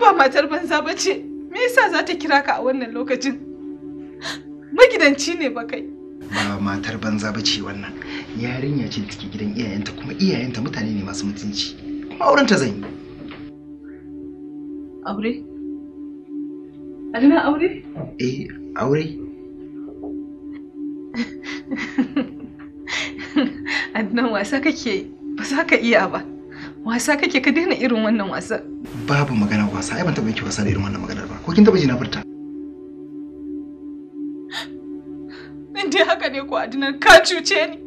ba matar banza ba ce me yasa za ta kira ka a wannan lokacin magidanci ne ba kai ba matar banza ba ce wannan yarinya ce take gidan iyayenta kuma iyayenta mutane ne masu mutunci kuma aurenta zan yi aure Adana aure? Eh, aure. adana wasa kake ba za ka iya ba. Wasa kake ka daina irin wannan wasa. Babu magana wasa, ai ban taba miki wasa da irin wannan maganar ba. Ko kin taba ji na furta? In dai haka ne ko Adnan ka cuce ni.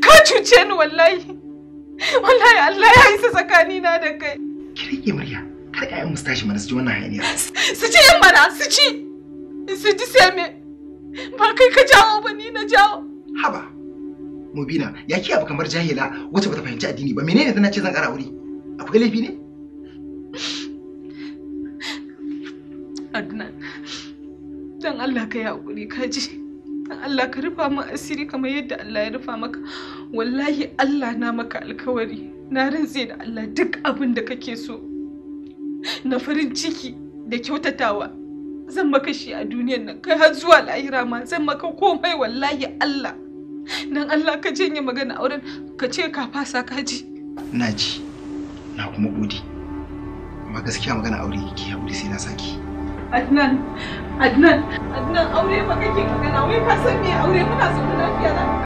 Ka cuce ni wallahi. Wallahi Allah ya isa na da kai. Ki rike murya. Kar ka yi mustashi mana su ji wannan hayaniya. Su ci yan mana, su ci. Su ji sai me? Ba kai ka jawo ba ni na jawo. Haba. Mubina ya ke abu kamar jahila wacce bata fahimci addini ba menene tana ce zan ƙara aure akwai laifi ne Adnan dan Allah ka yi hakuri ka ji dan Allah ka rufa min asiri kamar yadda Allah ya rufa maka wallahi Allah na maka alkawari na rantse da Allah duk abin da kake so na farin ciki da kyautatawa zan maka shi a duniyar nan kai har zuwa lahira ma zan maka komai wallahi Allah dan Allah ka janye magana auren ka ce ka fasa ka ji na ji na kuma gode amma gaskiya magana aure ki haƙuri sai na saki Adnan Adnan Adnan aure ma kake magana wai ka san me aure muna zaune lafiya